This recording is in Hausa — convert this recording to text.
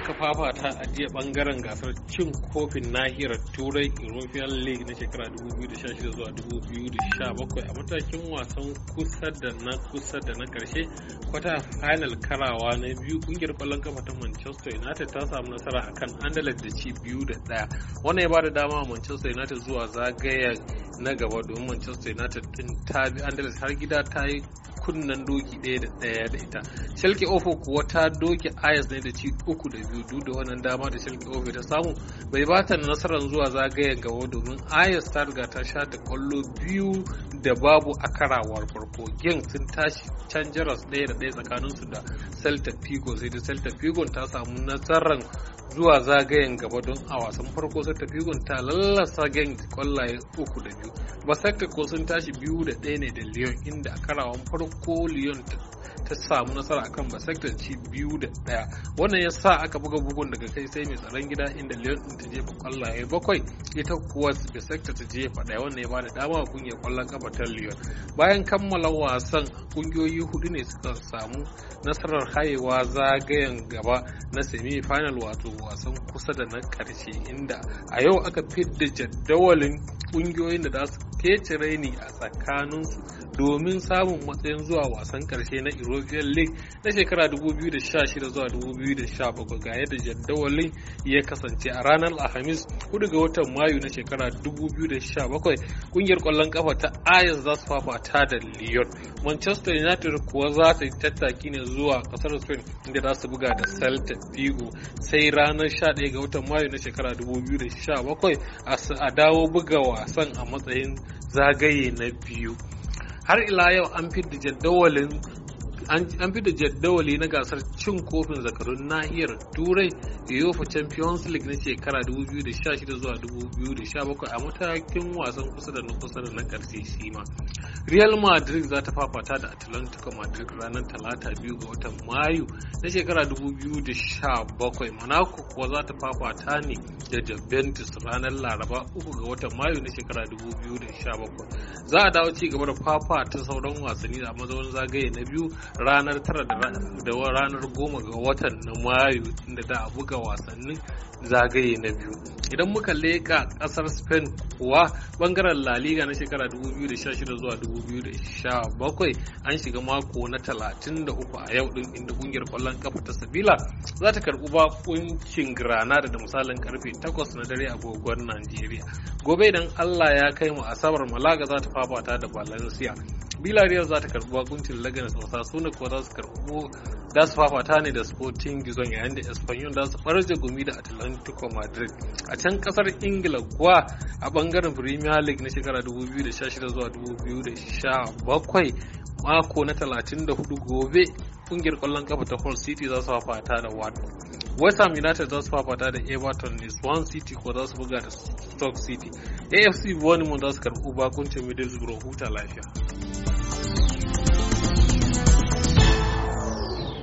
aka fafata a jiya bangaren gasar cin kofin nahiyar turai european league na shekara 2016 zuwa 2017 a matakin wasan kusa da na kusa da na karshe kwata final karawa na biyu kungiyar kwallon kafa ta manchester united ta samu nasara akan andalus da ci biyu da daya wannan ya ba da dama manchester united zuwa zagaya na gaba domin manchester united din ta bi andalus har gida ta yi kunnen doki ɗaya da ɗaya da ita shalke ofo kuwa ta doke ayas ne da ci uku da biyu duk da wannan dama da shalke ofo ta samu bai bata ta nasarar zuwa zagayen gaba domin ayas ta riga ta sha da kwallo biyu da babu a karawar farko gen sun tashi can jaras ɗaya da ɗaya su da celta figo sai da celta figo ta samu nasarar zuwa zagayen gaba don a wasan farko sai ta biyun ta lallasa kwallaye uku da biyu basaka ko sun tashi biyu da ɗaya ne da lyon inda a karawan farko lyon ta samu nasara akan basaka ci biyu da ɗaya wannan ya sa aka buga bugun daga kai sai mai tsaron gida inda lyon ta jefa kwallaye bakwai ita kuwa basaka ta jefa ɗaya wannan ya ba da dama kungiyar kwallon kafa ta lyon bayan kammala wasan kungiyoyi hudu ne suka samu nasarar hayewa zagayen gaba na semi final wato wasan kusa da na karshe inda a yau aka fidda jadawalin kungiyoyin da za su kece raini a tsakaninsu domin samun matsayin zuwa wasan karshe na European League na shekara 2016 zuwa 2017 ga yadda jadawalin ya kasance a ranar Alhamis 4 ga watan Mayu na shekara 2017 kungiyar kwallon kafa ta Ajax za su fafata da Lyon. Manchester United kuwa za ta yi tattaki ne zuwa kasar Spain inda za su buga da Celtic Vigo sai ranar 11 ga watan Mayu na shekara 2017 a dawo buga wasan a matsayin zagaye na biyu. har ila yau an fidda jadawalin an fi da jaddawali na gasar cin kofin zakarun nahiyar turai uefa champions league na shekara 2016 zuwa 2017 a matakin wasan kusa da na kusa da na karshe shi ma real madrid za ta fafata da atlantico madrid ranar talata biyu ga watan mayu na shekara 2017 monaco kuwa za ta fafata ne da juventus ranar laraba uku ga watan mayu na shekara 2017 za a dawo ci gaba da fafata sauran wasanni a mazaunin zagaye na biyu ranar tara da ranar goma ga watan na mayu inda da a buga wasannin zagaye na biyu idan muka leka ƙasar spain kuwa bangaren la liga na shekara 2016 zuwa 2017 an shiga mako na 33 a yau din inda kungiyar kwallon kafa ta sabila za ta karbi bakuncin granada da misalin karfe 8 na dare agogon najeriya gobe idan allah ya kai mu asabar malaga za ta fafata da valencia Villarreal za ta karbi bakuncin wasa Osasuna kuwa za su karbo za su fafata ne da Sporting Gizon yayin da Espanyol za su farje gumi da Atlantico Madrid. A can kasar Ingila kuwa a bangaren Premier League na shekara 2016 zuwa 2017 mako na 34 gobe kungiyar kwallon kafa ta Hull City za su fafata da Watford. West Ham United za su fafata da Everton ne Swan City ko za su buga da Stoke City. AFC Bournemouth za su karɓi bakuncin Middlesbrough huta lafiya.